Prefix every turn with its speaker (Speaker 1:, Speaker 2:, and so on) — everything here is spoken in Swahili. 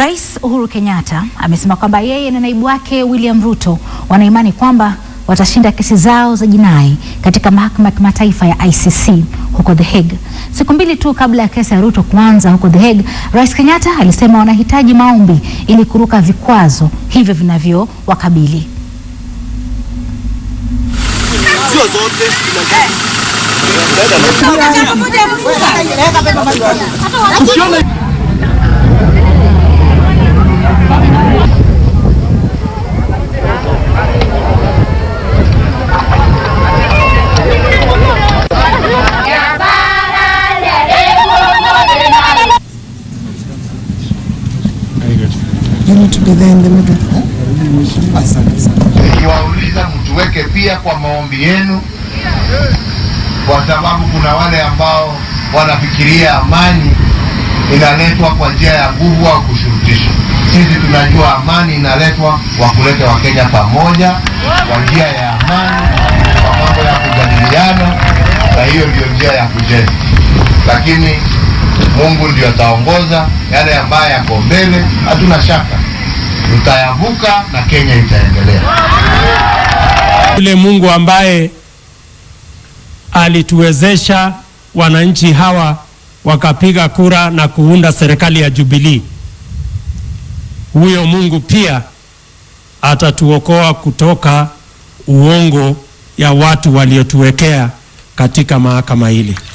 Speaker 1: Rais Uhuru Kenyatta amesema kwamba yeye na naibu wake William Ruto wanaimani kwamba watashinda kesi zao za jinai katika mahakama ya kimataifa ya ICC huko The Hague. Siku mbili tu kabla ya kesi ya Ruto kuanza huko The Hague, Rais Kenyatta alisema wanahitaji maombi ili kuruka vikwazo hivyo vinavyowakabili.
Speaker 2: need to be there in the middle. Asante mtuweke pia kwa maombi yenu, kwa sababu kuna wale ambao wanafikiria amani inaletwa kwa njia ya nguvu au kushurutisha. Sisi tunajua amani inaletwa kwa kuleta Wakenya pamoja kwa njia ya amani, kwa mambo ya kujadiliana, na hiyo ndio njia ya kujenga, lakini Mungu ndio ataongoza yale ambayo yako mbele, hatuna shaka tutayavuka na Kenya itaendelea.
Speaker 3: Yule Mungu ambaye alituwezesha wananchi hawa wakapiga kura na kuunda serikali ya Jubilee, huyo Mungu pia atatuokoa kutoka uongo ya watu waliotuwekea katika mahakama hili.